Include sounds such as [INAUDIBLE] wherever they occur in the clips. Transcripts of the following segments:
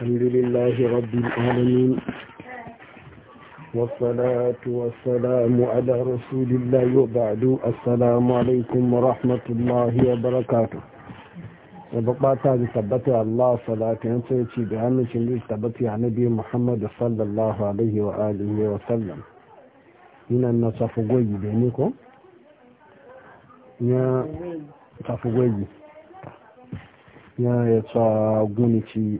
الحمد لله رب العالمين والصلاة والسلام على رسول الله وبعد السلام عليكم ورحمة الله وبركاته وبقاتا بثبت الله صلاة ينصيتي بأمن شميل ثبت عن نبي محمد صلى الله عليه وآله وسلم هنا النصف قوي بينكم يا صف قوي يا يا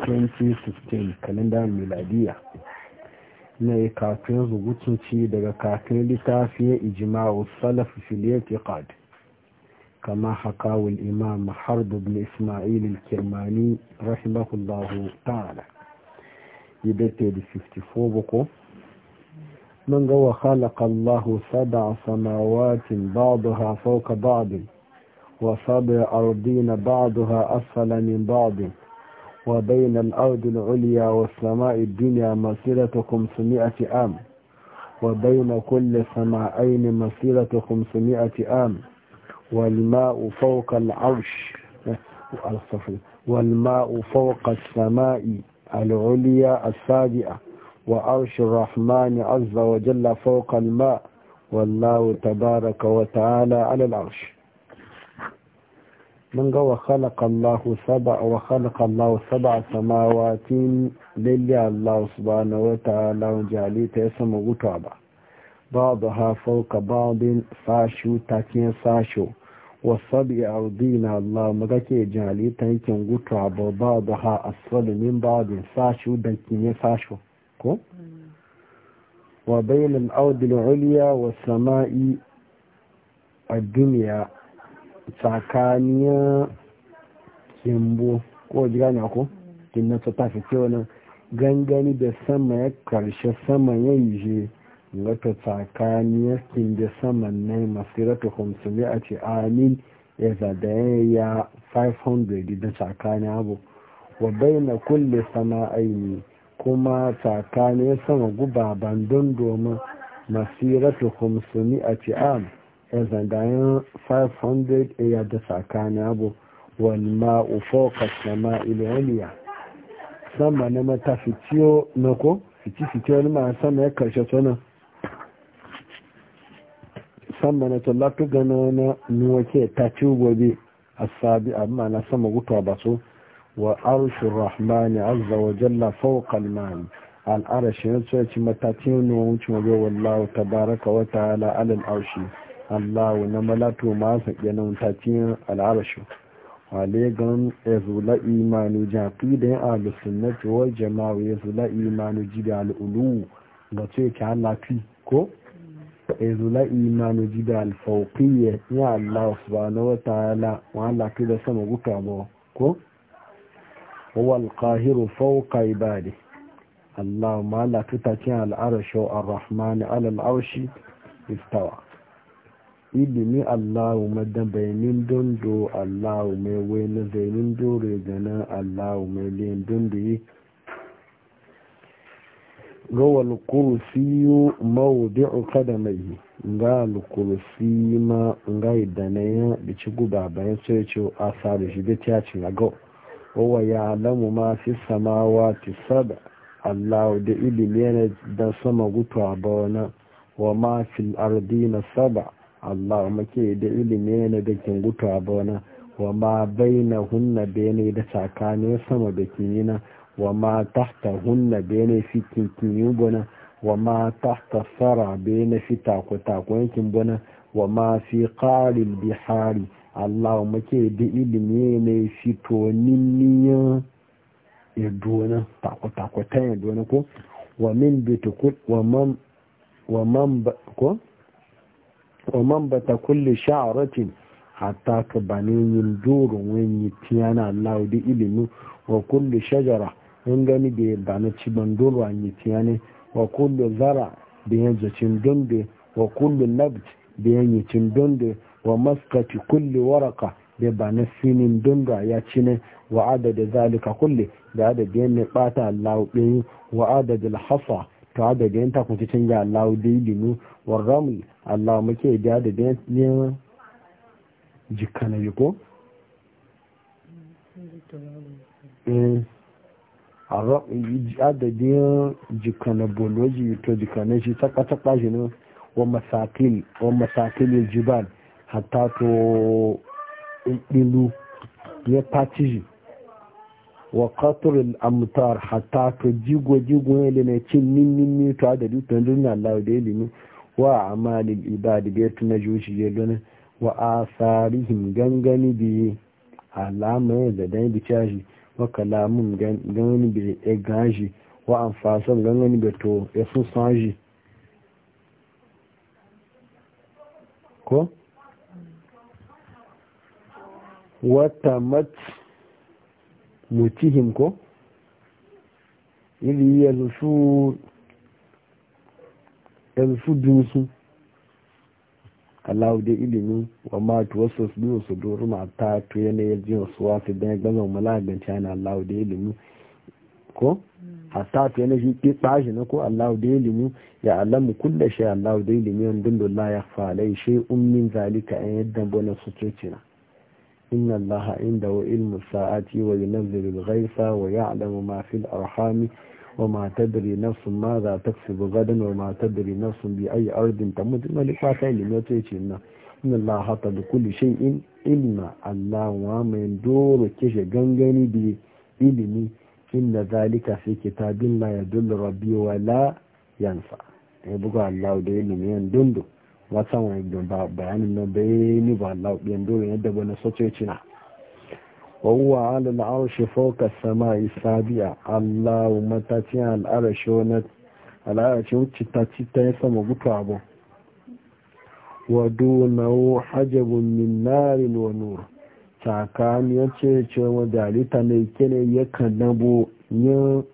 2015 kalendar miladiya na kafin rubutunci daga kafin littafin ijima'u salaf filiyar kama hakawul imam harb bin ismail al-kirmani rahimahullahu ta'ala yadda da 54 bako من قوى خلق الله سبع سماوات بعضها فوق بعض وسبع أرضين بعضها أسفل من بعض وبين الأرض العليا والسماء الدنيا مسيرة خمسمائة عام وبين كل سماعين مسيرة خمسمائة عام والماء فوق العرش والماء فوق السماء العليا السابعة وعرش الرحمن عز وجل فوق الماء والله تبارك وتعالى على العرش mun ga wa khalaqallahu saba wa khalaqallahu saba samawati lillahi Allah subhanahu wa ta'ala wa jali ta sama gutuwa ba ba'd ha fawqa ba'din sashu takin sashu wa sabi ardina Allah mun ga ke jali ta yakin gutuwa ba ba'd ha asfalu min ba'din sashu da kinye sashu ko wa bayna al-ardi al-ulya wa samai ad-dunya tsakaniyar kimbo ko jira na ko kinna ta fi ce wani gangani da sama ya karshe sama ya yi je wata tsakaniyar kimbo sama na yi masirata hamsuli a ce amin ya zada ya 500 da tsakani abu wa bai na kulle aini kuma tsakaniyar sama guba bandon domin masirata hamsuli a ce amin ezandayan 500 ya da tsakanin abu wani ma'u fokas na ma'il oliya sama na mata fitiyo na ko fiti fitiyo na ma'a sama ya karshe tunan sama na tallatu gana na nuwake ta ci gobe a sabi amma na sama gutuwa ba so wa arushin rahmani azza wa jalla fawqal ma'il al'arashi ya tsoci matakin nuwa wucin wabe wallahu tabaraka wa ta'ala alal arshi allahu na malato masu yanan tafiyan al'arashi wale gan ya zula imanu jafi da yin alusunnati wal jama'a ya zula imanu jibi al'ulu ga ce ki halafi ko ya zula imanu jibi alfauƙiyya ya allah subhanahu wa ta'ala wa halafi da sama guka ba ko wal qahiru fauka ibadi allah ma halafi ta cin al'arashi wa ar-rahmani alal arshi istawa ilimi allahu da bayanin dondo allahu mai wani bayanin dore ganin allahu mai liyan dondo yi ga walkursiyu uka kada mai ga yi ma ga idanaya da ci guba bayan sai ce a da shi da ta ga wa ya alamu ma fi samawa ti sada allahu da ilimi yana da sama gutu a bawana wa ma fil ardi na saba Allah make da ilimi ne da kin gutu abona wa ma hunna bene da tsakanin sama da kinina wa ma hunna bene fi kinkin bona wa ma tahta sara bene fi tako tako yankin bona wa ma fi qalil bihari Allah make da ilimi ne fito ninniyan edona tako ta ya dona ko wa min bitukut wa man wa man ko wa man bata kulle sha'aratin hatta ka bani yin doro wani tiyana Allah da ilimi wa kulli shajara in gani da ya bani ciban doro wani tiyane wa kulli zara da ya zacin donde wa kulli nabt da ya yi cin donde wa maskati kulle waraka da ba na sinin dunga ya ci ne wa adada zalika kulle da adada ya ne bata Allah ɗin wa adada hasa To da biyan ta kun cikin ya Allah da ilimu war ramul Allah muke da da biyan ne jikana yi yiko eh arab da biyan jikana na to jikana na shi ta kata kashi ne wa masakil wa masakil jibal hatta to eh, ilu ya patiji wa qatrul amtar hatta ka jigo jigo ne ne cin nin nin ni to da dukkan dunya Allah da ilimi wa amalil ibadi ga na juji je gane wa asarihim gangani bi alama da dai chaji wa kalamun gangani bi e gaji wa anfasan gangani bi to e fu sanji ko wata tamat mutihim ko ili yanzu su yanzu su dunsu Allah ilimin wa ma tu wasu su biyu su doru ma ta tu yana ya wasu wasu dan gama malaganci yana Allah da ilimin ko hmm. hatta tu yana shi ki tsashi na ko Al'aude da ilimin ya alamu kulla shi Allah da ilimin dola ya fa alai shi ummin zalika 'yan yadda bona su cecina إن الله عنده علم الساعة وينزل الغيث ويعلم ما في الأرحام وما تدري نفس ماذا تكسب غدا وما تدري نفس بأي أرض تموت ملك وكاين لم يتوجهنا إن الله حط بكل شيء علما الله ومن دور كيش جنجني بإلمي إن ذلك في كتاب لا يدل ربي ولا ينفع يبقى الله ده من دندو wata wani ba bayanin nan bai ni ba Allah ɗin dole yadda wani sococi na wawuwa alal arshi fauka sama isabiya Allah matacin al'arashi wani al'arashi wuce ta ci ta yi sama gutu abu wa dunawo hajjabun min narin wa nur tsakaniyar ce ce wa dalita mai kene ya kanabo yin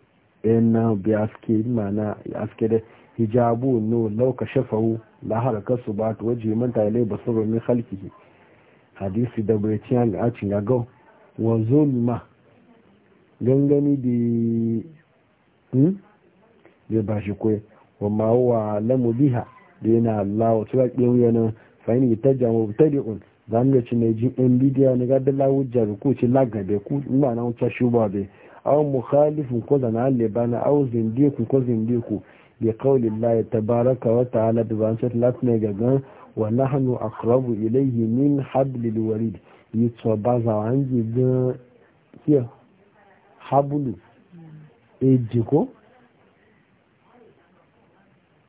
yana bi aske mana aske da hijabu no lauka shafawu la haraka su ba ta waje manta ilai ba su rumi halki hadisi da bai ci an a cin gagau wa zulma gangani da hmm? da ba shi kwai wa ma wa lamu biha da yana Allah wa tura ɗin yanar fahimta ta jamu ta di'un za mu ci ne jin yan bidiyo ne ga dala wujja ko lagabe ku ma na wuce shuba be aw mukhalifun ko da na lebana aw zindiku ko zindiku bi qawli llahi tabaraka wa ta'ala da ban sai lat ne gagan wa nahnu aqrabu ilayhi min hablil warid yi to ba za an ji ga kiyo hablu eji ko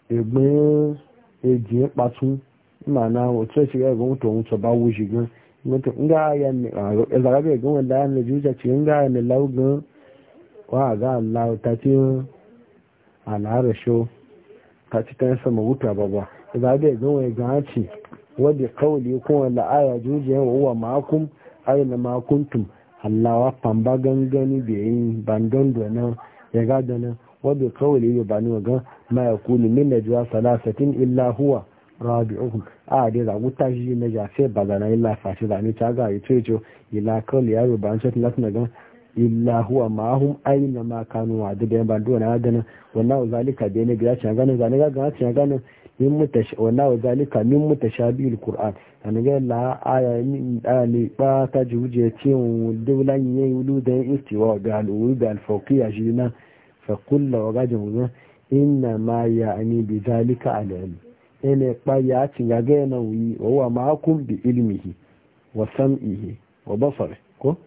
egbin eji patun mana wato shiga ga mutum wato ba wuji gan mutum ga ya ne a zarabe gan wanda ya ne juja ce ga ne laugan wa ga Allah ta ce arasho ka ci kan sama wuta ba ba za da yanzu wani gaci wadda kawai kuma la'aya jujiyan wa makon ayyana makuntum allawa famba gangani da yi bandon donan ya gada nan wadda kawai ya bani wa gan ma ya kuli min jiwa salasatin illa huwa rabi'uhum a dai za wuta shi na jafe bazana illa fashi zane ta ga yi ila kawai ya ba rubanci latin gan illa huwa ma'ahum aina ma kanu wa da yan bandu na ganin wannan zalika da ne biya cin ganin zalika ga cin ganin min mutash wannan zalika min mutashabil qur'an an ga la aya min dali ba ta juje cin dulan yayi wulu da istiwa ga alwul da alfawqiya jina fa kullu wa gajin inna ma ya ani bi zalika alim ene pa ya cin ga ganin wi wa ma'akum bi ilmihi wa sam'ihi wa basarihi ko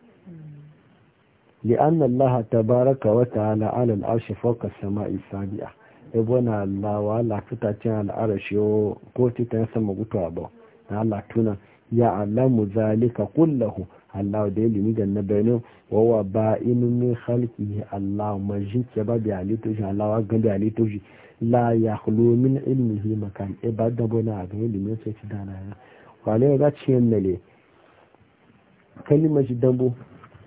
li'anna Allah tabaraka wata ta'ala ala al'arshi fawqa as-sama'i sabi'a ibona Allah wa la fitacin al'arshi ko titan sama gutuwa ba na Allah tuna ya alamu zalika kullahu Allah da ilimi da na bayanin wawa ba ilimin halki Allah majin ke ba biya litoshi Allah wa gan biya litoshi la ya khulu min ilmihi makan e ba da bona a ga ilimin sai ci dana ya kwale ga ciyen mele kalimar shi dambo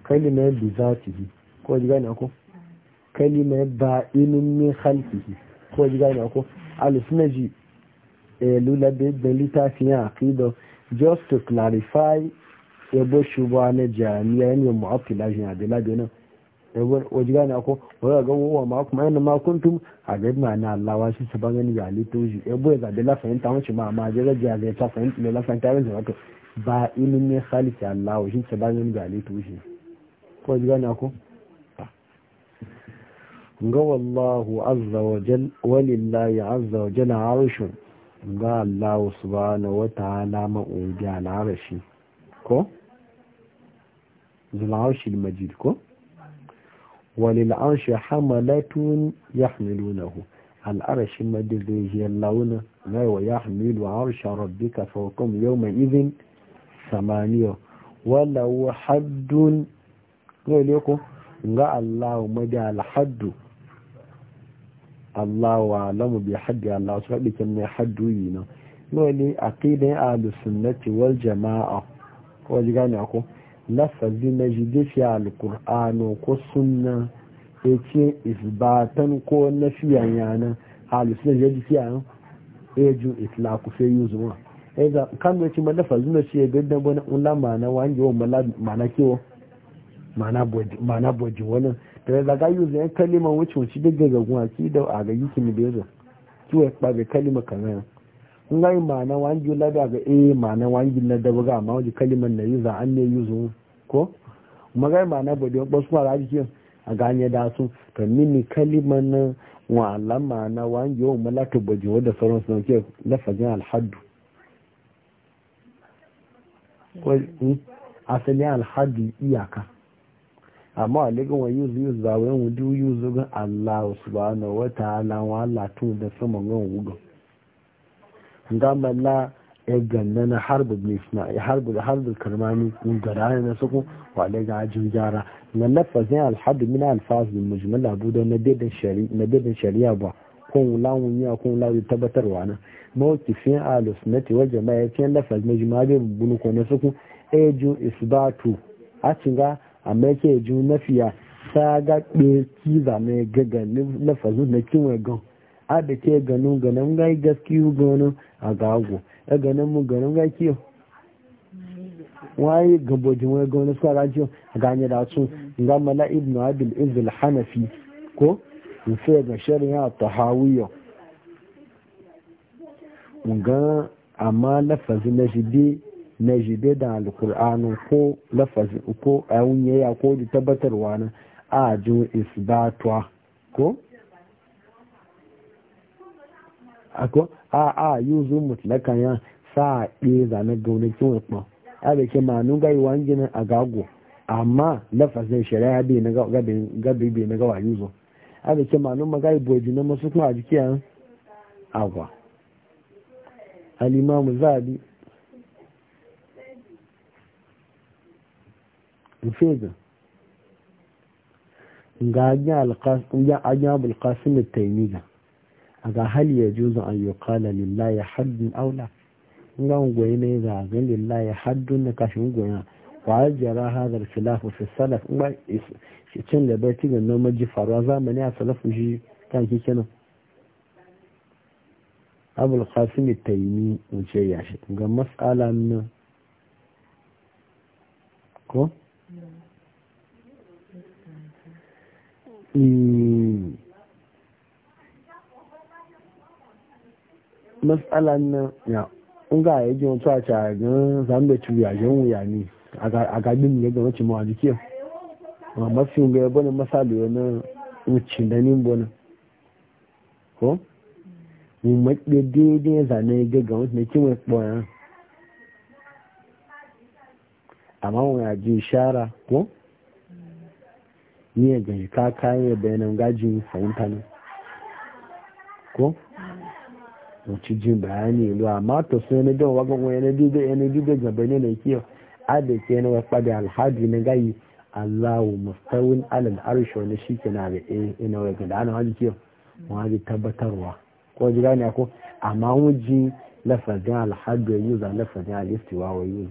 kalimar bi za ta yi ko ji gane ko kalimar ba inin min halkihi ko ji gane ko alusunaji lulabe da littafin ya aqido just to clarify ebo shubwa na jami'ar yin mu'abtila shi na da labe ko waje gane ako wani ga wa ma kuma yana ma kuntum a ga ma na lawa shi ta bangani ga lito shi e boye ga dela fahimta wace ma ma jira ga ga ta fahimta ne la fahimta ne wato ba ilimin khalisi Allah shi ta bangani ga lito shi ko ji gane ku ga wallahu azza wa jal walillahi azza wa jal arshun ga Allah subhanahu wa ta'ala ma'udi al arshi ko zul arshi majid ko walil arshi hamalatun na. al arshi majid zai launa na wa yahmilu arsha rabbika fawqum yawma idhin samaniya wala haddun ne ne ko ga Allahu madi alhaddu wa alamu bi haddi Allah su faɗi kin mai haddu yi na ne ne aqidan ahlus sunnati wal jamaa ko ji gane ko lafazi na jide fi alquran ko sunna yace isbatan ko nafiyan yana ahlus sunnati yaji fi yana eju itlaku sai yuzuwa eza kan ne ci ma lafazi na ce gaddan bana ulama na wangewa mana kewa mana boji wani da zaga yi zai kalima wuce wuce duk da zagun aki da a ga yi kimi bezo kiwa ba ga kalima kamar in ga yi mana wangi lada ga eh mana wangi na da buga amma wajen kaliman na yi za an ne yi zo ko kuma ga yi mana boji wani su mara ajiye a ganye da su to mini kaliman na wa'ala mana wangi yau malaka boji wadda sauransu na ke lafazin alhaddu hmm? asali alhaddu iyaka amma a ligin wa yuzu yuzu ba wani wudu yuzu gan Allah na wata ala wa Allah tun da sama gan wudu ga malla ya e ganna na harbu ibn isma'il harbu da harbu karmani kun gara na suku wa ga ajin jara na nafazin alhadu min alfaz bil mujmal abu na bidan shari'a na bidan shari'a ba kun lawun ya kun lawu tabbatarwa na mawqifin wajen wal jama'a kan lafaz mujmal bin bunu ko na suku eju isbatu a cinga amma yake ju nafiya ta ga ɗe kiza ne gaga fazu na kiwa gan a da ke ganu ganin ga gaskiyu ganu a gago ya ganin mu ganin ga kiyo waye gabojin wani gani suka rajiyo a ganye da su ga mala ibn abil izil hanafi ko mufe ga ya ta hawiyo ga amma lafazin na shi na jibe da alkur'ani ko lafazin ko ayunyaya ko da tabbatarwa na a jo isbatwa ko ako a a yuzu mutlakan ya sa ɗe zane gaunakin wakpa a da ke ma gai wangin agago amma lafazin shari'a bai na gabi bai na gawa yuzu a da ke ma magai boji na masu kuma a agwa al-imamu zabi rufe ga ga ajiyar alkasim taimi ga a ga hali ya juzu an yi kala lillahi haddun aula ga ungwayi ne ga ga lillahi haddun na kashin ungwayi wa jara hadar filafu fi salaf ba cin liberty ga noma ji faruwa zamani a salafin shi kan shi nan abul qasim taimi wuce ya shi ga matsala nan ko Hmm. matsalan nan ya unga ya ji wata a zambia zambe ya yi wuya ne a gabin ya ga wacce mawa jike ma mafi unga ya bane masalo ya nan wucin da nin bane ko mu maɗe daidai zane ga ga wata ne kimar ɓoyan amma wani ji shara ko ni ya gani ka kayan bayanan gajin fahimta ne ko wuce jin bayani ilu amma to sun yana don wagon wani yana dube yana dube gaba ne na kiyo adda ke yana wasu da alhaji na gayi allahu mustawin alal arshe wani shi ke na ga ina eh, eh, wai gada ana wani kiyo wani tabbatarwa ko ji gani ko amma wujin lafazin alhaji ya za lafazin alistiwa wa yi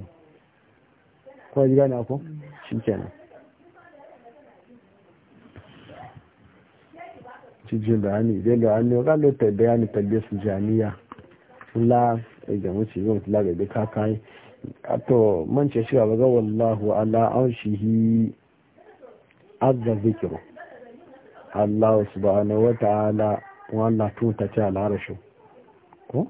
ko ji gane ku shi kenan cijin da hannu idan da hannu ga lotar bayani tabbe su jami'a la ga yi yau la ga bi kakai to man shi ba ga wallahu ala arshihi azza zikru Allah subhanahu wa ta'ala wannan tuta ce al'arashin ko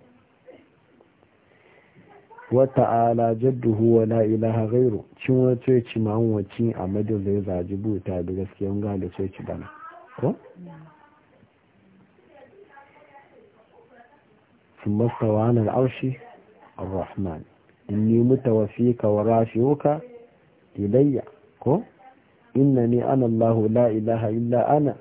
wata'ala jadduhu wa la ilaha ghairu cin wato ya ci ma'un waci a madin zai zaji buta da gaskiya ga da sai ci bana ko summa sawana aushi ar-rahman in ni mutawaffika wa rafiuka ilayya ko innani ana allah la ilaha illa ana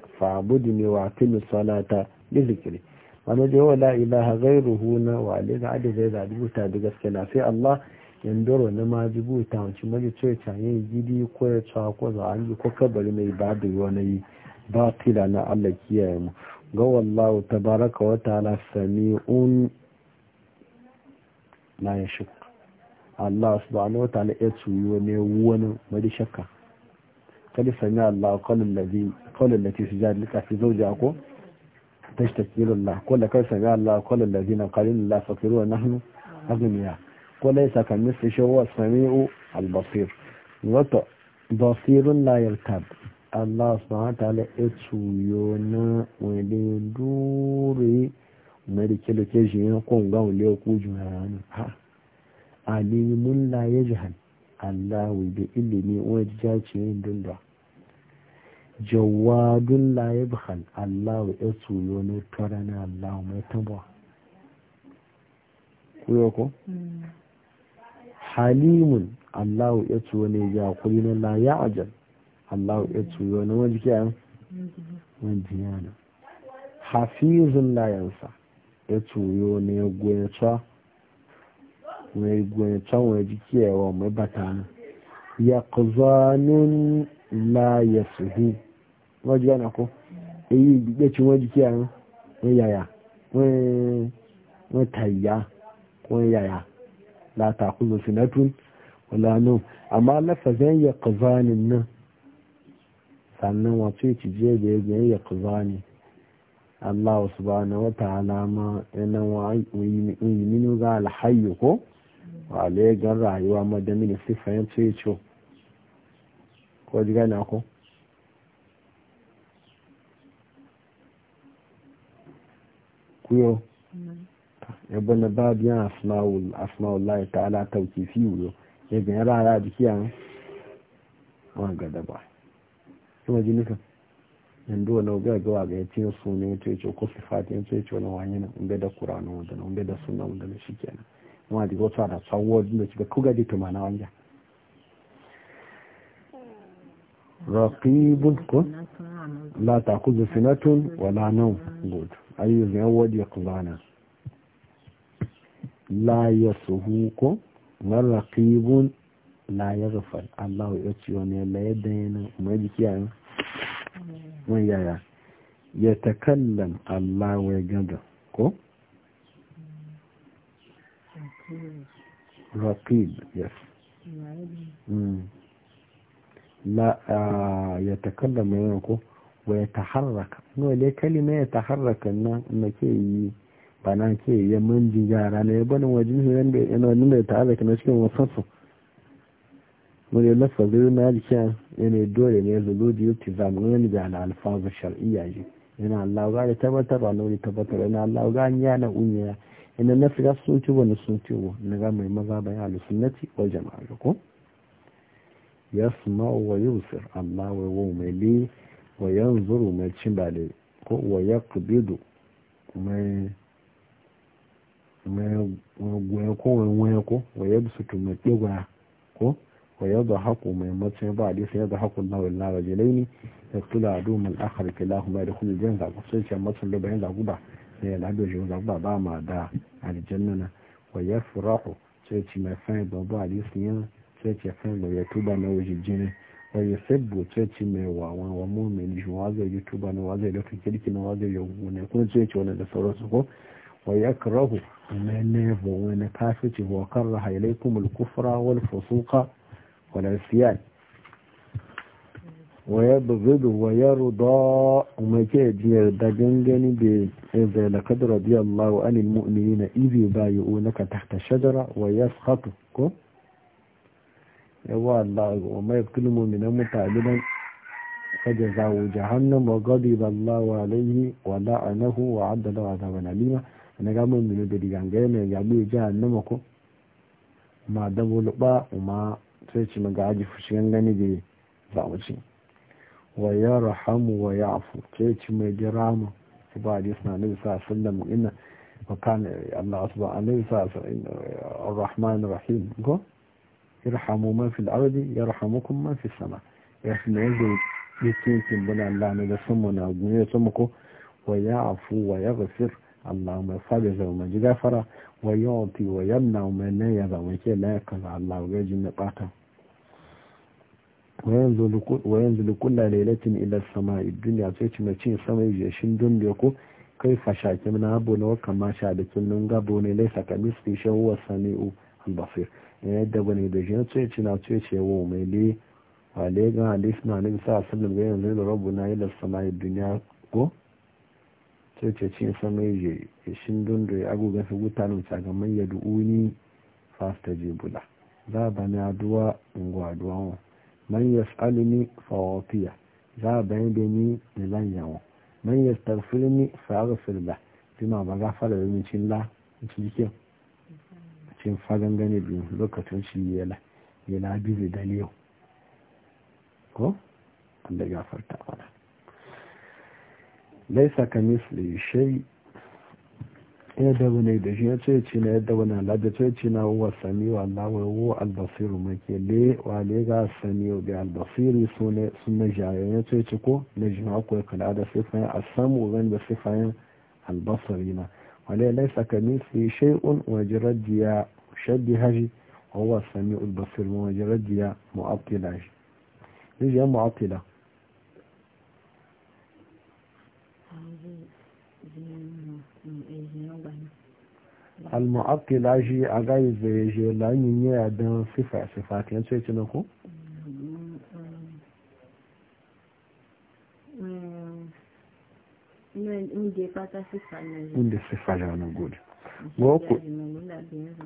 ne wa aqimi salata li dhikri wani da yawa la'ilaha ruhu na wale ga adi zai zaɗi buta da gaske na sai Allah yandoro na ma ji buta wancin maji ce canye gidi ko ya cewa ko za a yi ko kabari mai babu yi ba tila na Allah kiyaye mu ga wallahu tabaraka wa ta'ala sami'un ya yashuk Allah subhanahu wa ta'ala ya tsuyo ne wani mai shakka kada sami Allah qala allazi su allati sujad lika fi ko تشتكيل الله كل لك سمع الله كل الذين قالين الله فكروا نحن أغنياء قل ليس كمثل شيء هو السميع البصير وطع بصير لا يرتب الله سبحانه وتعالى اتسويونا ولدوري مريك لكيجين ليو كوجو هانو ها عليم لا يجهل الله بإلمي وجاجين دندر jawadun la Allah allahu yasuyo ne torana allahu mai tabo kuyo ko halimun allahu yasuyo ne ya kulina la Allah allahu yasuyo ne wani an wani jiyana hafizun la ya yasuyo ne gwencha mai gwencha wani jikiyawa mai batana kuzanin la suhi. na wọ́n jù ọ̀nà kó èyí ìgbẹ́ tí wọ́n jù kí àrùn wọ́n yàyà wọ́n ta ìyá wọ́n yàyà látàkùn lọ Amma ọ̀lànà àmọ́ aláfẹ̀ẹ́ yẹ kọ̀vá ni náà sannan wato ya je da ya gani ya kuza ne Allah wasu ba na wata alama yi wuyiminu ga alhayu ko wa alayyar rayuwa madamin sifayen ce ce ko ji na ko kuyo yabba na babu yan ya ta'ala tauki fi wuyo ya gani rara jiki yan ga gada ba kuma ji nuka yanzu wani ga gawa ga ya ce su ne ya ce ko sifati ya ce wani wani na unbe da kuranu wanda na unbe da suna wanda na shi kenan wani da wata da tsawon da ga kuga da tumana wanda raqibun ko la takuzu sinatun wala nawm good ayu zan wadi qulana la yasuhu ko raqibun la yaghfal Allah ya ci wani la yadayna mai jikiya mun yaya ya takallam Allah ya gada ko raqib yes la ya takallama yana ko wa ya taharraka no le kalima ya taharraka nan na ke yi ba na ke ya manji yara ne ya bani wajen su yanda yana wani da ta halaka na cikin wasan su wani lafazin na jikin yana dole ne zulu da yau tizamu da na alfazu shar'iyya ji yana Allah da tabbatar ba na wani tabbatar ina Allah ga ya na unya yana nafi ga sun ci na sun ci na ga mai maza bayan alusunnati wal jama'a ko. yasma wa yusir amma wa wumeli wa yanzuru mai cimbale ko wa yaqbidu mai mai ko wa ko wa yabsutu mai digwa ko wa ya zo yadhaku mai matsayin ba ya na wani hadisi yadhaku Allahu illa rajulaini yaqtula adu min akhar kilahuma yadkhulu aljanna ko sai ce matsayin da bayan zaguba sai ya lado shi zaguba ba ma da aljanna wa yafrahu sai ce mai fa'ida ba hadisi yana tsoci kan ya tuba na mai wawan wa mumin shi yi tuba na wa zai lafi kirki na wa zai yi kuma tsoci wani da sauransu ko wa ya karahu na nebo wani kafici wa karra hailai kuma kufra wal fusuka wal siyan wa ya bugudu wa ya ruda umarke jiyar da gangani da إذا لقد رضي الله عن المؤمنين إذ يبايعونك تحت الشجرة ko. yawon Allah wa mai kulmo mina mutane nan kada zawo jahannan wa gadi ba Allah wa alaihi wa la'anahu wa adada wa zaba na lima na gama mino da diganga yana ya bi jahannan ma ko ma da bulba ma sai ci maga aji fushi yan gani da zawo ci wa ya rahamu wa yafu afu ke ci mai jirama su ba da yasa na bisa sallama ina wa kane Allah su ba a nan bisa rahim ko irhamu man fil ardi yarhamukum man fis sama ya shi ne da yake cin bana Allah ne da sama na gune da sama ko wa ya'fu wa yaghfir Allahumma fadi da mu ji gafara wa yu'ti wa yamna man la yadha ke la yakala Allah ga jin na bata wa yanzu kulla lailatin ila sama'i duniya sai ci mai cin sama ya shin dun ko kai fashaki na abu na wakama sha da kin nun gabo ne laisa kamisli shahuwa sami'u al-basir yadda bane da shi na tsoyaci na tsoyaci yawo mai le a legan hadis na nabi sa sallam ga yanzu da rabu na ila sama'i duniya ko tsoyaci cin samai je shin shi da ya agoga su guta nan sakamakon ya du'uni fasta jibula za a bani aduwa ingwa aduwa wa man ni fawafiya za a yi da ni da zan yawon man tarfi ni aghfir la bima ba gafara da mincin la cikin sin fagen gane biyu lokacin shi yana yana bizi da liyo ko wanda farta mana laisa ka misli shai da wani da shi ya ce ci na yadda wani alaɗa ce ci na wa sami wa lawai wo albasiru make le wa le ga sami wa bi albasiru sun na jayen ya ce ci ko na jima akwai kala da sifayen a samu wani da sifayen albasari na ولا ليس كمثله شيء وجرد يا شد هجي هو السميع البصير وجرد يا وجرديا هجي نجي معطلة المعطل أجي أغايز يجي لأني نيا دان صفة صفات ينسيتنا يعني inda sifa da wani gudu wa ku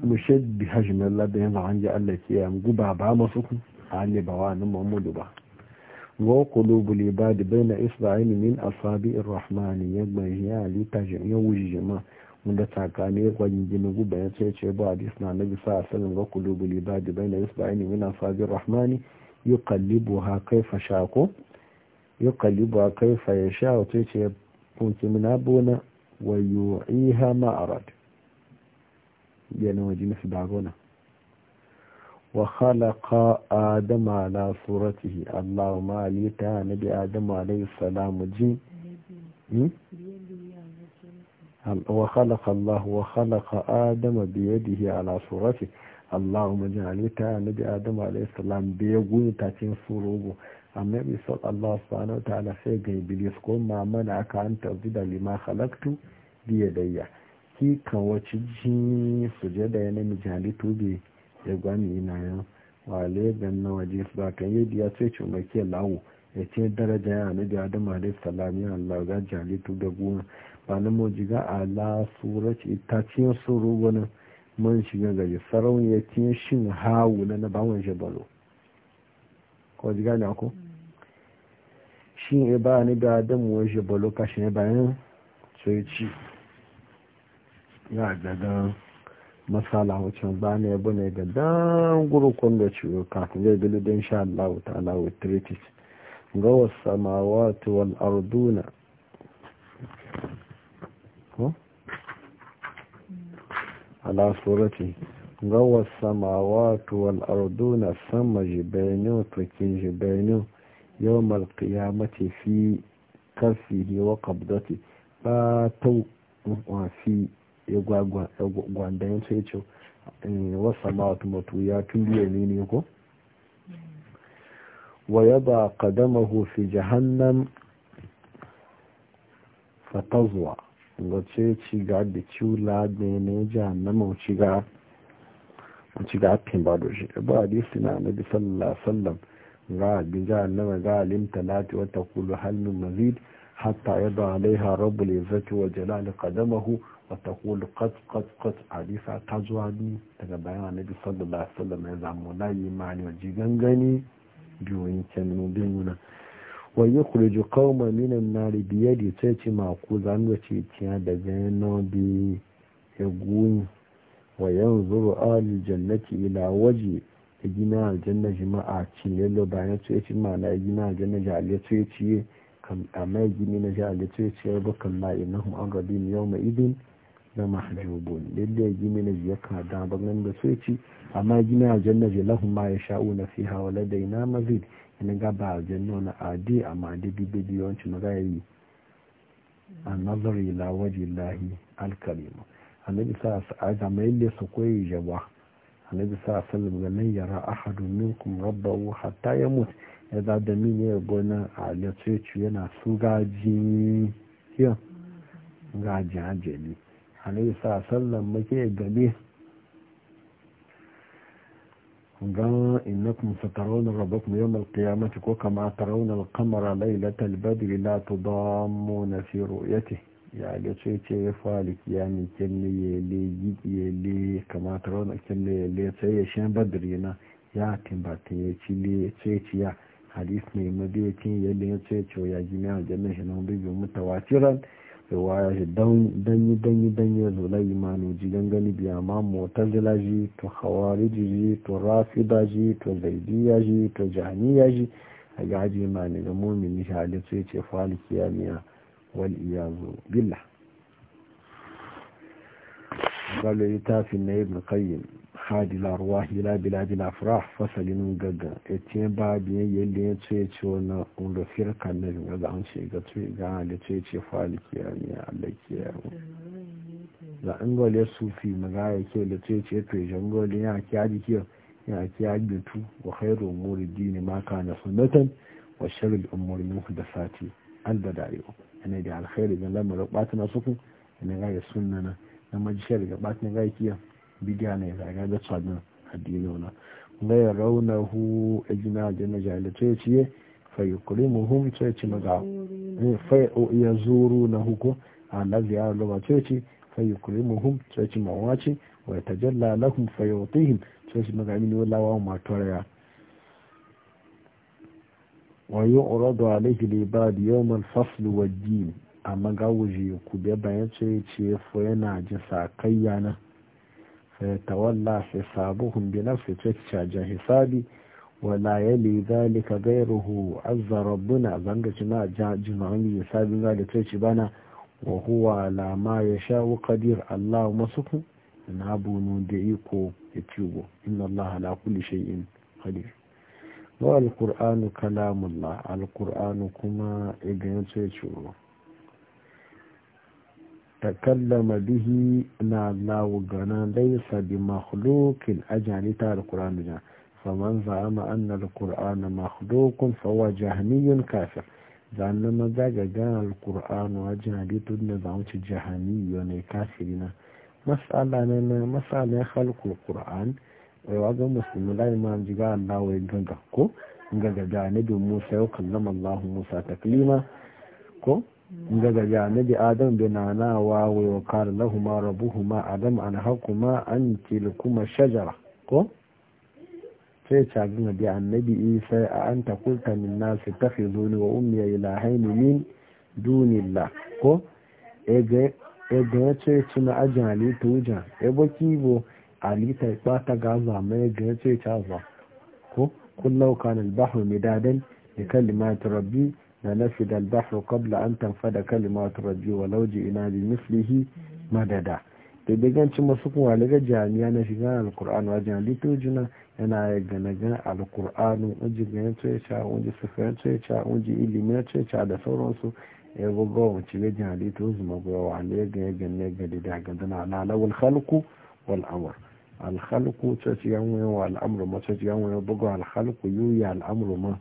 mushabbi hajjimar ba an ji allah guba ba masu ku a ne ba wa nan mamudu ba وقلوب العباد بين إصبعين من أصابع الرحمن يجمعها لتجمعوج wanda tsakani wajen gina guba ya ce ce ba hadis na nabi sa sallan ga kulubu libadi bai na yusba min asabi rahmani ha kaifa shako yuqallibu ha wata ce kunkimina bona wayo iha ma'arad yana waje nasu dagona wa khalaqa adama ala suratihi allahu ma'alita na bi adama alayhi salamu ji hmm? wa khalaqa allah wa khalaqa adama biyadihi ala suratihi allahumma ja'alita na bi adama alayhi salam bi ya gunta cin surugu annabi sallallahu alaihi wa ta'ala sai ga iblis ko ma mana aka an tazida lima khalaqtu bi yadayya ki kan wace suje da yana mi jalitu bi ya gwani ina ya wale gan na waje su ba kan yadda ya ce ce ke lawo ya ce daraja ya nabi adam alaihi salam ya Allah ga jalitu da gona ba na moji ga ala ita itaciyar suru wani man shiga gari ya tin shin hawu na na bawon ba ko ji gane ko shi ne ba ni ga dan waje ba lokacin ya bayan sai ci ya gaga masala wacin ba ne ya bane ga dan gurukun da ciwo kafin zai gudu don sha Allah wa ta'ala wa tritis ga wasu samawatu wal arduna ala surati ga wasu samawatu wal arduna sama jibainu tukin ji jibainu يوم القيامة في كفه وقبضته باتو في gwandayen sai ce wasa matu ya tuliya ne ne ko wa yaba qadamahu fi jahannam fatazwa ga ce ci ga da ciula ne ne jahannama mu ci ga mu ci ga ba do shi ba hadisi na annabi sallallahu alaihi ga bi jahannama zalim talati wa taqulu hal min mazid hatta yada alaiha rabbul izzati wa jalali qadamahu wa taqulu qad qad qad hadisa ta zuwa daga bayan annabi sallallahu alaihi wasallam ya zamu la imani wa jigangani biyoyin kenan biyuna wa yukhriju qauman minan nari bi yadi sai ma ku zan wace tiya daga yana bi ya guni wa yanzuru ahli jannati ila waji gina aljanna jima'a cin ba na su yace ma'ana gina aljanna jahiliya su yace a mai gini na jahiliya su bakan ba kalla hun an rabin yawma idin na mahjubun lalle gini na jiya ka da nan da su a mai gina aljanna ji lahun ma fi hawa ladai na mazid ina ga aljanna na adi a da bibi yawanci magayi an-nazari a zamanin da su koyi jawa annabi sallallahu alaihi wasallam yara ahadun minkum rabbahu hatta yamut ya da da min ya gona a lecheche yana su gaji ya gaji aje ne annabi sallallahu alaihi wasallam muke gabe gan innakum satarawna rabbakum yawm alqiyamati ko kama tarawna alqamara laylatal badri la tudammuna fi ru'yatihi yaga cece ya fali ya le yi ya le kamata rona ya le sai ya shan badri na ya timbata ya ci le cece ya hadis mai ya le ya cece ya gina a jannan shi nan ciran da waya shi yi don yi zula imanu ji gangani biya ma motazila ji to hawari ji to da ji to ya ji to ya ji a gaji ne ga mumini shi hadis sai ce fali kiyamiya wal iyazu billah قال يتاف النبي ابن القيم خاد الارواح الى بلاد الافراح فسلم غغا اتين باب يلي تشيتو نا اون فرقه النبي غا ان شي غا تشي غا لي تشي فالك يعني عليك يا da an gole sufi maza ya ke da ce ce to jan gole ya ki aji ya ki aji wa khairu umuri dini ma wa an da ne da alkhairi ga lamar ɓata na suku ene ga ya sunna na na majishar ga ɓata na ga kiya bidiya ne ga ga da tsadin addini na ga ya raunahu ajina janna jahila to yace fa yukrimuhum to yace maza eh, fa ya zuru na huko Allah ziyara loba to yace fa yukrimuhum to yace mawaci wa tajalla lahum fa yutihim to yace maza min wallahi wa ma toraya wa yu'radu alayhi libad yawm al-fasl wad-din amma ga waje ku da bayan ce fo yana ji kai na sai tawalla hisabuhum bi nafsi cajan hisabi wala yali zalika ghayruhu azza rabbuna zanga ci na jima'an hisabi za da ce ci bana wa huwa la ma yasha'u qadir allah masuku na bunu da iko ya ciwo inna allah ala kulli shay'in qadir wa alkur'anu kalamullah alkur'anu kuma idan ce ciro takallama bihi na lawu gana laisa bi makhlukin ajali ta alkur'anu ja faman za'ama anna alkur'ana makhlukun fawa jahmiyun kafir zanna maza ga gana alkur'anu ajali tun da za ci jahmiyu ne na masala ne na masala ya halkul Eh, wai ga musulmi ma imam jiga Allah wai ganga ko nga ga janabi Musa ya kallama Allah Musa taklima ko nga ga janabi Adam bin wa wai wa qala lahumu rabbuhuma adam an hakuma an tilkuma shajara ko sai ta gina bi annabi Isa a an qulta min nas takhizuni wa ummi ilahaini min dunillah ko ege eh, ege eh, ce ci na ajali tuja e bo kibo alisa ba ta gaza mai gina ce ta za ko kullau kan albahru midadan da kalimatu rabbi na nafi da albahru kabla an tamfa da kalimatu rabbi wa ji ina bi mislihi madada da cin masu kuma daga jami'a na shiga alkur'an wajen litojina yana ya gana gana alkur'anu wajen ganin tsoyaca wajen sufiyan ilimi wajen ilimin tsoyaca da sauransu ya gogo wace gajin halittu zuma goyawa ne ya gane gane gane da gandana na lawal halku wal'amur. alhalku ta ci yan wayan wa al'amuru ma ta ci yan wayan bugu alhalku yuyi al'amuru ma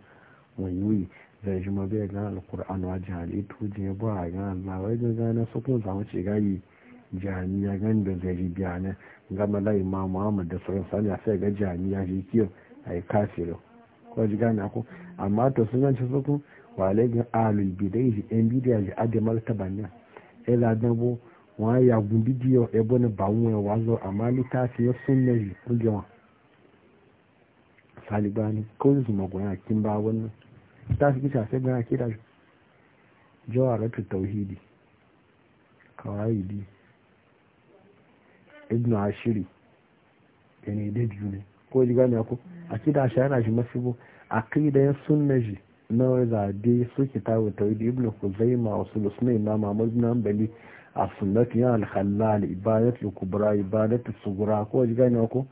wa yuyi zai shi ma zai gana alkur'an wa jihali tu je ba a gana lawai ga gana su kun samu ce gayi jami'a gani da zai ji biya ne gama layi ma muhammad da sauran sani a sai ga jami'a ji kiyo a yi kafiro ko ji gane ko amma to sun ganci su kun wa alai alul bidai yan bidiyar ji adi martaba ne ya zaɗa bu wɔn ayɛ agunbidiɛ ɛbɔ ne ba wɔn a wazɔ amalita aseɛ sunnɛyi ɔdi wɔn saligbani kóòsì mɔgɔn a kimba wɔn taasi kisa asɛgbɛn akida jɔ aratu tawhidi kawaidi ibnu ashiri ɛnɛ ɛdɛ duni kóòsì gani ako akida ashari na jimasibo akida yɛ sunnɛyi na wazade so kitabu tawhidi ibnu kuzaima wasu lusne imam ahmad ibn hanbali a sunnatu ya ibadat ibadatul kubra ibadatul sugura ko ji gane ko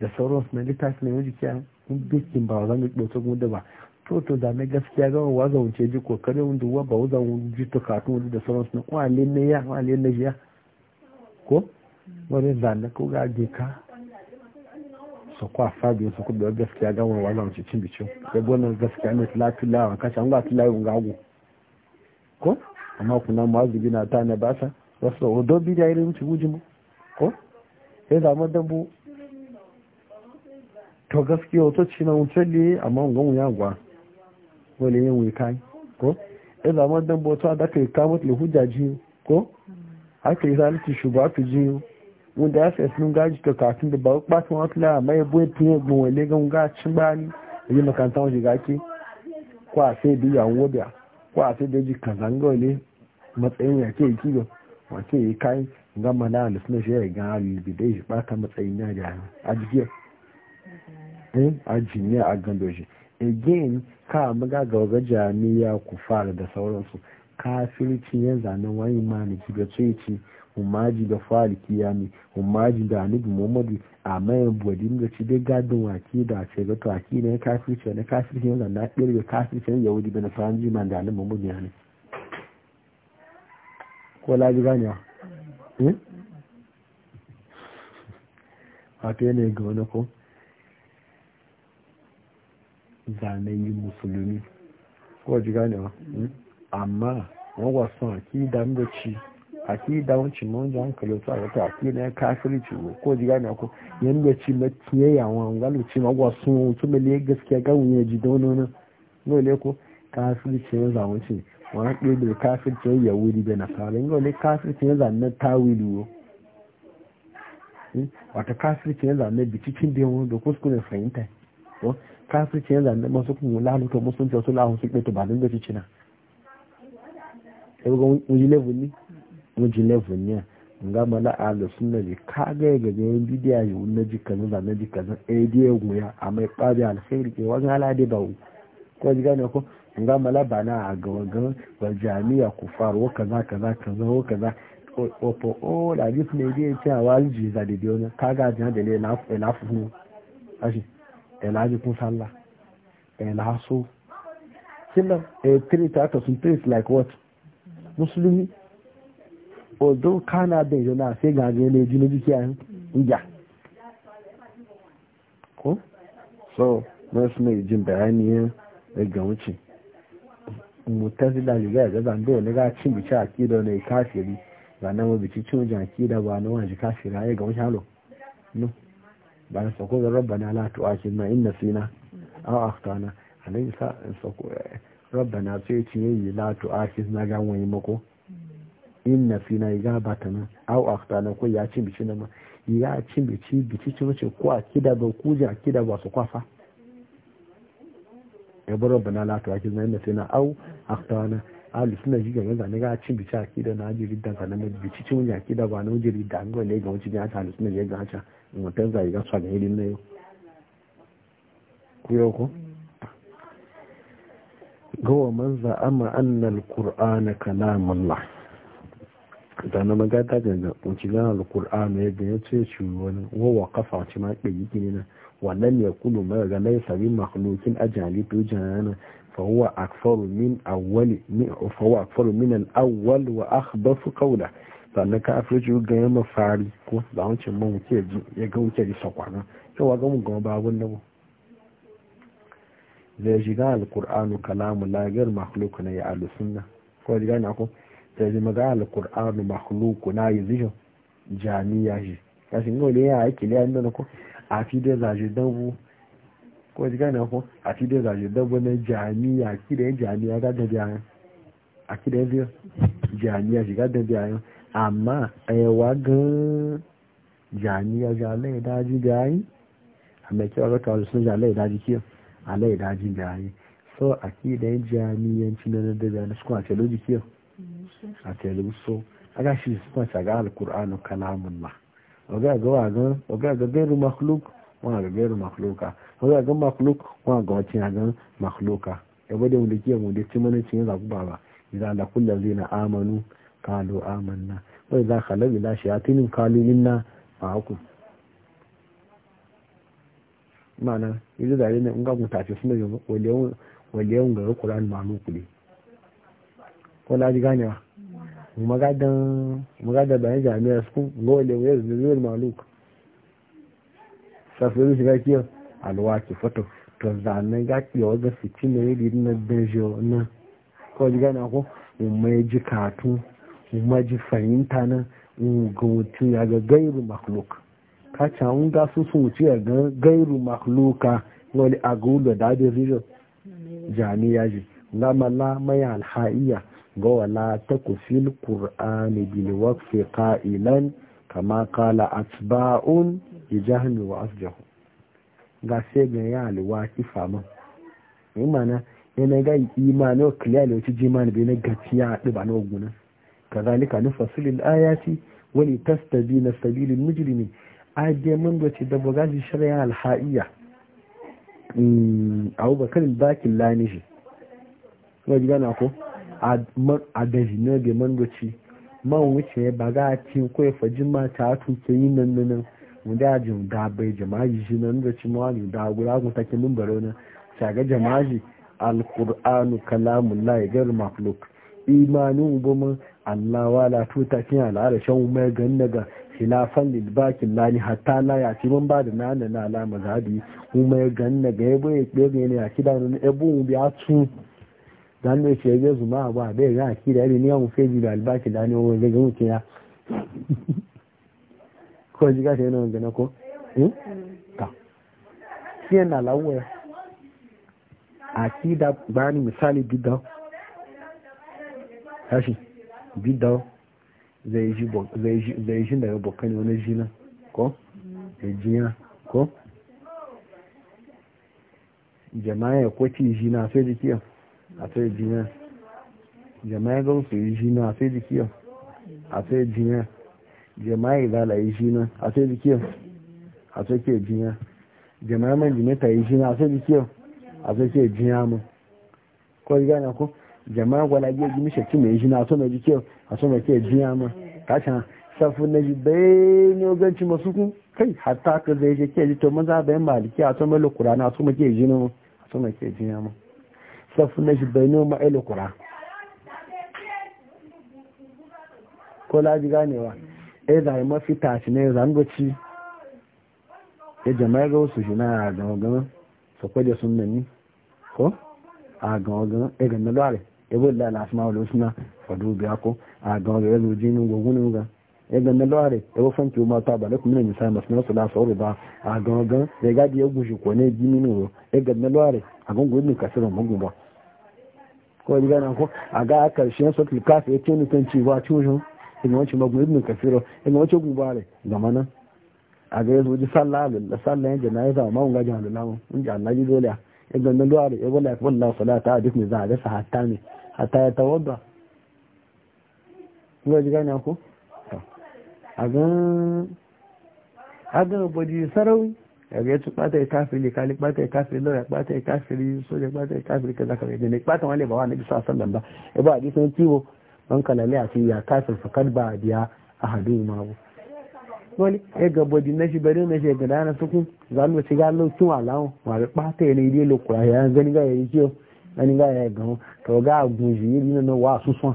da sauransu na littafi ne wajen kiyan kun bikin ba za mu ɗauki gun da ba to to da me gaskiya ga wa za wuce ji kokari wanda wa ba za mu ji to ka tun da sauransu ne ko alin ne ya alin ne ya ko wani zanna ko ga je ka so kwa fabi so ko da gaskiya ga wa za mu ci cin bicin ga gonan gaskiya ne tilafi lawa kace an ga tilafi ga ko amma kuna mazu na ta na ba sa wasu o don bidiya irin wuce wuji mu ko sai zama dambu to gaskiya wato ci na wuce liye amma ngan ya gwa wani yin wuka ko sai zama dambu wato da kai kamar hujja ji ko haka yi zalunci shugaba ji wanda ya sai sun gaji ta kafin da ba batun wata laya mai buwai tun gbon wale ga ga bani yi makantan waje gaki kwa sai biya wobiya ko sai da daji kazanga ne matsayin ya ke kiyo wace yi kai gama na alisunan shi ya gan da shi bata matsayin ya da a jikiyar eh a jiniya a again ka maga gauga jami'a ku fara da sauransu kafirci ya zanen wani maliki da tsoyici umaji da fari kiyami umaji da anibi muhammadu a mayan buwadin da ci dai da ce ga to aki ne kafirce na kafirce yana na ɗirga kafirce na yahudi da na faranji man da anibi muhammadu ya ne ko laji gani eh? yanayi ga wani ko musulmi ko ji hmm? amma akida wancin mawanja hankali to a ta akida ya ci ko ko jiga na ko yanda ci makiyaya wa ngalo ci magwa sun to mele gaskiya ga wuya ji da wani nan no le ko kafirci ya zamu ci wa haɗe da kafirci ya yahudi da nasara ngo le kafirci ya zanna tawili wo wata ci ya zanna bi cikin da yawo da kuskure fahimta ko kafirci ya na masu e kuma laluto musunci wasu lahu su ɗaya tubalin da cicina. Ebe ga wani level ne? wuji level ne nga mala ala sunna ji ka ga ya ga yin bidiya yi wunna ji kaza da na ji kaza eh dai goya a amma qadi alkhairi ke wani ala dai bawo ko ji gane ko nga mala bana a ga ga wal jami'a kufar wa kaza kaza kaza wa kaza opo o da bi ne dai ta wani ji za da diona kaga jan da ne na na fu ashi e la ji kun sallah e la so killa e eh, three ta ta sun three like what muslimi although canada yau na sai na ne jini jiki a iya ko so nasu mai jin bayani ya daga wuce mutar da liga ya zan da ne ga cin bici e a kida ne kafiri ga nan ma bici cin jan ba na wani kafiri ya ga halo no ba na sako ga rabbana la tu'akhidna inna sina a akhtana alaysa sako eh, rabbana sai ci e yi la na ga wani mako in na fi na iga ba ta nan au afta na ko ya ci bici na ma ya ci bici bici ci wace ko a kida ba ku ji a kida ba su kwafa ya bar rabbana la ta kin nan sai na au nan na alu suna ji gaban zane ga cin bici a kida na ji riddan ka na mai bici ci wani a kida ba na wani ridda ga ne ga wani a ta alu suna ji ga hacha mutan zai ga sa ga irin na yau ku yau ko gowa manza amma annal qur'ana kalamullah da na magata ganga kunci gana alkur'ani yadda ya ce shi wani wawa kafa wace ma ɗaya gini na wannan ya kunu mara ga lai sabi makhlukin ajali to jana min awwali min من أول فهو أكثر من wa akhbathu qawla sannan ka afirci ga yamma fari ko da wancan mun wuce ji ya ga wuce ji sakwana to wa ga mun ga babun nabu zai shiga alkur'ani kalamu lagar makhluk na ya alusunna ko diga na ko ta ji maga alkur'anu makhluku na yanzu jami'a shi kashi ngo ne ya yake ne an ko a fi da zaje dabu ko ji gane a fi da zaje dabu na jami'a ki da jami'a ga da biya a ki da biya jami'a shi ga da biya amma ayawa gan jami'a ja lai daji da yi amma kiwa ga kawo sun ja lai daji kiyo a lai daji da yi so a ki da jami'anci na da biya su kuma ce atele so aga shi kuma shaga alqur'anu kalamullah oga ga wa ga oga ga gairu makhluk wa ga gairu makhluka oga ga makhluk wa ga wacin ga makhluka ya bade mu dake mu dake mun cin za ku baba idan la kullu zina amanu qalu amanna wa idza khala ila shayatin qalu inna ma'akum mana idan da ne in ga mutafi suna yau waliyan waliyan ga qur'an ma'anu kuli ko laji ganewa magadan magadan bayan jami'a su gole wayar zuwa maluk sasuru shiga kiyo alwaki foto to zanen ga kiyo ga fiti ne yadda na dajo na ko ji gane ko umma ji katu umma ji fahimta na gautu ya ga gairu makhluk ka can ga su su wuce ya ga gairu makluka wani agulu da da rijo jami'a ji lamala mai alha'iya ga wala ta kufil qur'ani bil waqfi qailan kama kala atba'un yajhami wa asjahu ga sai ga ya alwa kifama ni mana yana ga imani clear hmm, da ji bai na gaciya haɗu ba na guna kazalika nufasilil ayati wani tastabina sabilin mujrimin ajiye mun doce da gaji shari'a alha'iya abubakar bakin lanishi wajen na ko a na gaman mandoci man wuce ba za a ci kawai fajin ta a tuke yi nan nan wanda ya jin gabai jama'i shi nan da ci mawani da gura kun take min baro na shaga jama'i al'kur'anu kalamun la gar makhluk imanin goma Allah wala tuta kin al'ada shan umar gan daga khilafan da bakin lani hatta la ya ci mun ba da nana na alama zabi umar gan daga ya ne ya kida ne ebu biya tun dan da ce ga zuma ba bai ga ki da ne mu feji da albashi da ne wai ga mutum ya [LAUGHS] ko ji ga ta yana gana ko eh ta shi yana lawo akida bani misali bidda tashi bidda zai ji zai ji daga bokan wani jina ko zai na ko jama'a ko ci jina sai jikiya àtẹ́jì náà jama'a zan su yi shi na a sai jikiyar a sai jiya jama'a idala yi shi na a sai jikiyar a sai ke jiya jama'a man jimeta yi shi na a sai jikiyar a sai ke jiya mu ko yi gane ko jama'a gwala biya gimi shakki mai shi na a soma jikiyar a soma ke jiya mu kasha safin na ji bai ne ganci masu kun kai hatta ka zai je ke ji to maza bayan maliki a soma lokura na safu na shi bai noma ilu kura ko laji ganewa ya zai mafi tashi ne zangoci ya jama'a ga wasu shi na gama-gama su kwaje sun nani ko a gama-gama ya gama lare ya bude da alasma wale wasu na fadu biya ko a gama-gama ya zoji ni gwagwunin ga ya gama lare ya wafan kiwo mata ba da kuma yin misali masu nasu lasa wuri ba a gama-gama ya gadi ya gushi ko gini ne ya gama lare a gungun ibn kasirin mugu ba ko ji gana ko a ga karshen su kafi ya tuni kan ci ba cushin inda wancan magun ibn kafiro inda wancan gubare ga mana a ga yazo ji sallah da sallah na jana'iza ma mun ga jahan lamu mun ji Allah ji dole ya ga nan duwa da ya wala wallahi salata a duk ne za a ga hatta ne hatta ya tawadda ko ji gana ko a ga a ga bodi ẹ̀rẹ́ tún pátá ìkáfìrí kalẹ̀ pátá ìkáfìrí lọ́rẹ̀ pátá ìkáfìrí sójà pátá ìkáfìrí kẹzàkàrẹ̀ ìdílé pátá wọn lè bá wà níbi sọ àṣàlẹ̀ ńlá ẹbá tí wo wọn kàlẹ̀ àti ìyá káfìrí fàkàdùbà àhàdù na shi bari na shi ga dana ma lokura ya ga yayi kiyo gani ga yayi yi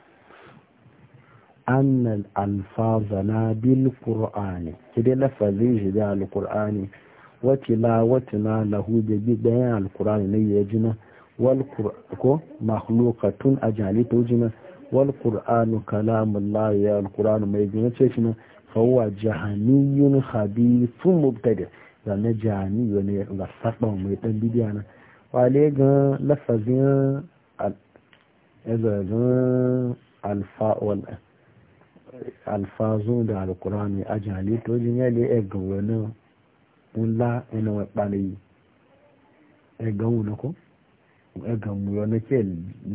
annal alfazana bil qur'ani kide lafazin shi da alqur'ani wa tilawatina lahu da bidan alqur'ani ne ya jina wal ko makhluqatun ajali to jina wal qur'anu kalamullah ya alqur'anu mai jina ce shi ne fa huwa jahaniyun khabithun mubtada da na jani wani ga sabon mai dan bidiya na wale ga lafazin al alfa wal Alfazun da alkurani a jihali to jin yale egan wani nla ina wa kpalayi egan wuna ko egan mu yana ke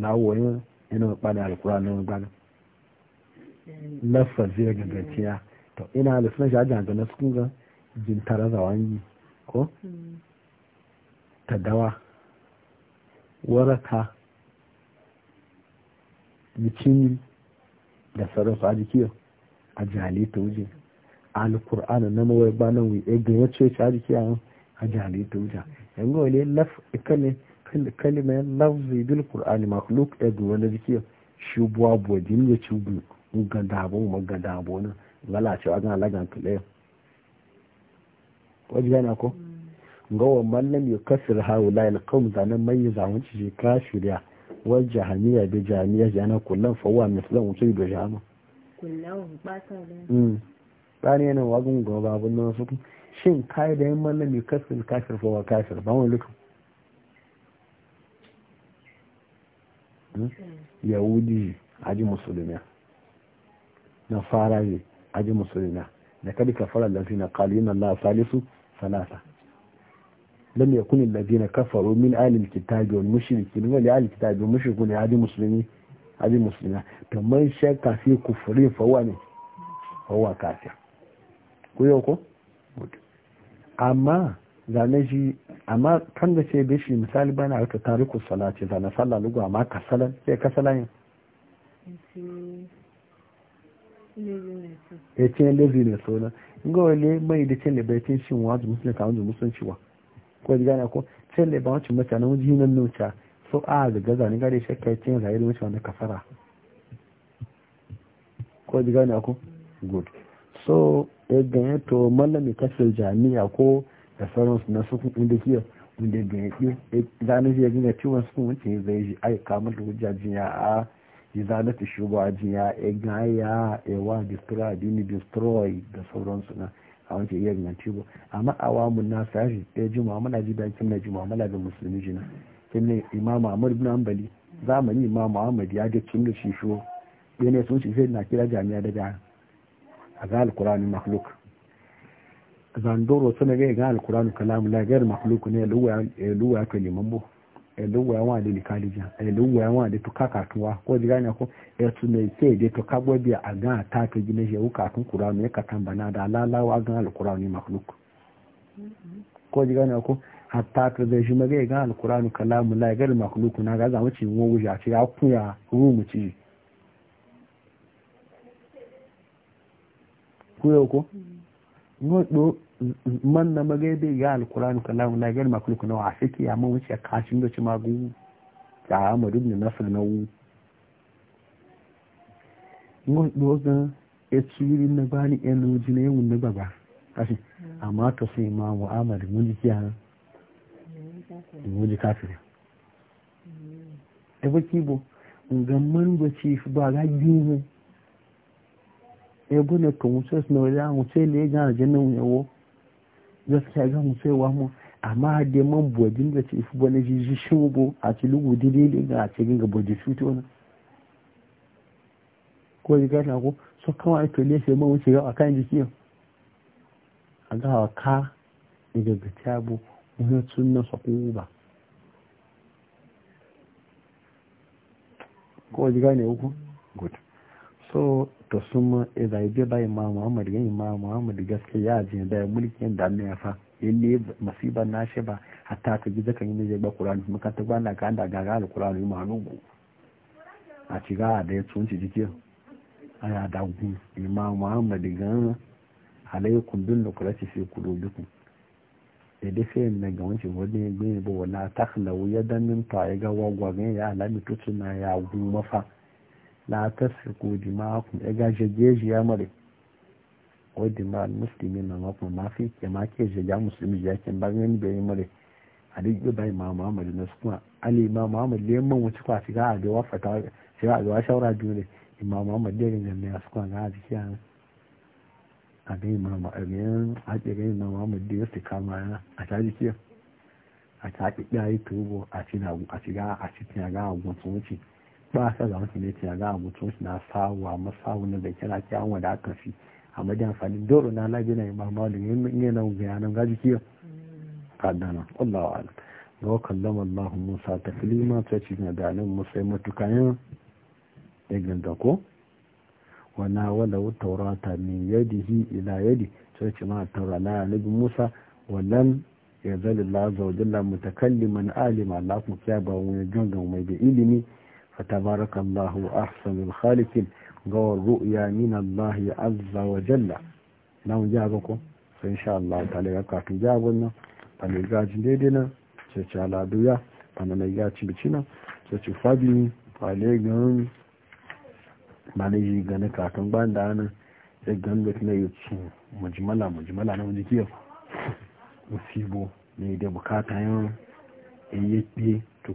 lawoyin ina wa kpalayi alkurani na gbana lafazi ya gagaciya to ina alifinan shi a jihar gana su kunga jin tara zawan yi ko ta dawa waraka mutum da sarrafa a jiki a jihali ta wuce alkur'ana na mawai banan wuce ga wacce wacce a jiki a jihali ta wuce yan gawa ne laf ikalin kalimar lafzi bil kur'ani ya egin wani jiki shi buwa buwa jin ya ci bu ga dabo ma ga dabo na lalacewa gana lagan kule wajen yana ko gawa mm. mallam ya kasir haula ilkawun zanen mai zamanci shi ka shirya wal jahamiya da jahamiya jana kullum fawa mislan wuce da jama kullum hmm. ba ta da tsari yana wagon gaba abin nan su shin kai da yin mallam mai kasir kasir fawa kasir ba wani lutu hmm? hmm. yahudi aji musulmiya na fara ne aji musulmiya da kadi kafara da zina kalina la salisu salasa لم يكن الذين كفروا من آل الكتاب والمشركين من آل الكتاب والمشركون هذه مسلمين هذه مسلمة muslimi hadi muslima to فهو shakka fi kufri fa huwa ko ko amma shi amma kan da ce bishi misali bana haka tariku salati zane sallah lugu amma kasalan sai kasalan ya ce lezi ne so na ga wale mai da wazu musulun musulun ciwa ko ji gane ko sai da ba wancin mutanen wajen yinan nuca so a ga gaza ni gare shakka ya cin zahiri wancin wanda kafara ko ji gane ko good so ya ganye to mallami kashin jami'a ko da sauransu na sukun inda kiyar wanda ganye ɗi zanen shi ya gina ciwon sukun ya zai ji ai kamar da hujjajin ya a izalata shugabajin ya e gaya e wa destroy destroy da sauransu na a wancan iya nan tebo amma mun na sashi ɗaya juma'a muna ji da kimna jima'a mala da musulmi jina kimna imam amur ibn ambali zamani imam ahmad ya ga kimna shi sho ne sun shi sai na kira jami'a daga a ga alkurani makhluk zandoro suna ga ga alkurani kalamu la makhluk ne luwa ya kalimambo eluwa yawa da likalija eluwa yawa da tuka katuwa ko ji e gane ko ya su mai sai da tuka gwabi a gan e a ta ta gina shehu katun kuranu ya katan bana da lalawa a gan alkuranu makhluk ko ji gane ko hatta ta zai shi magai gan alkuranu kalamu la e gar makhluk na ga zama cin wuwu ya ce ya kuya rumu ci kuyo ko no do man na magaibe ga alkurani kalamu na gani makuluku na wasu ya yamma wuce kashin da cima gu da amadu da nasir na wu ngon doza ya tsiri na bani yan nuji na yawon na baba kashi amma to sai ma mu'amar mun ji ya mun ji kafir e ba kibo ngamman ba ci ba ga gini e bu na kuma sai na wajen wuce ne ga aljanna yawo gaskiya ga mu sai wa mu amma da man bodin da ce fu na jiji shubo a ci lugu dilili ga a ci ga boji shuto na ko yi ga ko so kawai to ne sai mun wuce ga akan jiki a ga ka daga gitabu mun sunna sakuba ko ji gane uku good so to sun zai bai bai ma eh, muhammad yan ma muhammad gaske ya je da mulki yan da ya fa yalle masiba na shi ba hatta ka ji zakan yin zai ba qur'ani kuma ka tagwa na ka da gaga alqur'ani ma nugu a ciga da ya tsunci jike aya da gu imam muhammad gan alaikum bin nukrati fi qulubikum da dai sai na ga wancan wani gbin bo wala takhlaw yadan min ta ga wagwa ga ya alami tutuna ya gu mafa la tasfiku dima'akum ya gaje jeji ya mare wa dima'al muslimi na mafi mafi ya make je ya musulmi ya kin ba ngani bai mare a duk bai ma Muhammad na kuma ali ma Muhammad le man wuce kwa shiga a da wafata sai a da shawara dole imam Muhammad da ne su kuma ga jiki a ga imam a ga imam Muhammad da su kama a ta jiki a ta ki dai tubo a ci a cikin a ga a wuce ba sa ga mutum ne tana za a mutum na sawa masawunan da kira an wanda aka fi a madiyan fadin doro na labi na imam malu yin yana bayanan gaji kiyo kaddana allahu ala ga wa kallama allahu musa ta filima ta ci na dalin musa matuka yin ya ganga ko wana wala taurata min hi ila yadi ta ci ma taura na nabi musa wannan ya zalila zaujilla mutakalliman alima allah kuma kiyaba wani gangan mai da ilimi فتبارك الله أحسن الخالق غور رؤيا من الله عز وجل نعم جابكم فإن شاء الله تعالى يقاتل جابنا فنلقاج ديدنا سيتي على دويا فنلقاج بچنا سيتي فابي فاليقان manaji gane kakan ban da ana ya ganga na yi su mujmala mujmala na wani kiyar musibo ne da bukata yin yayyaki to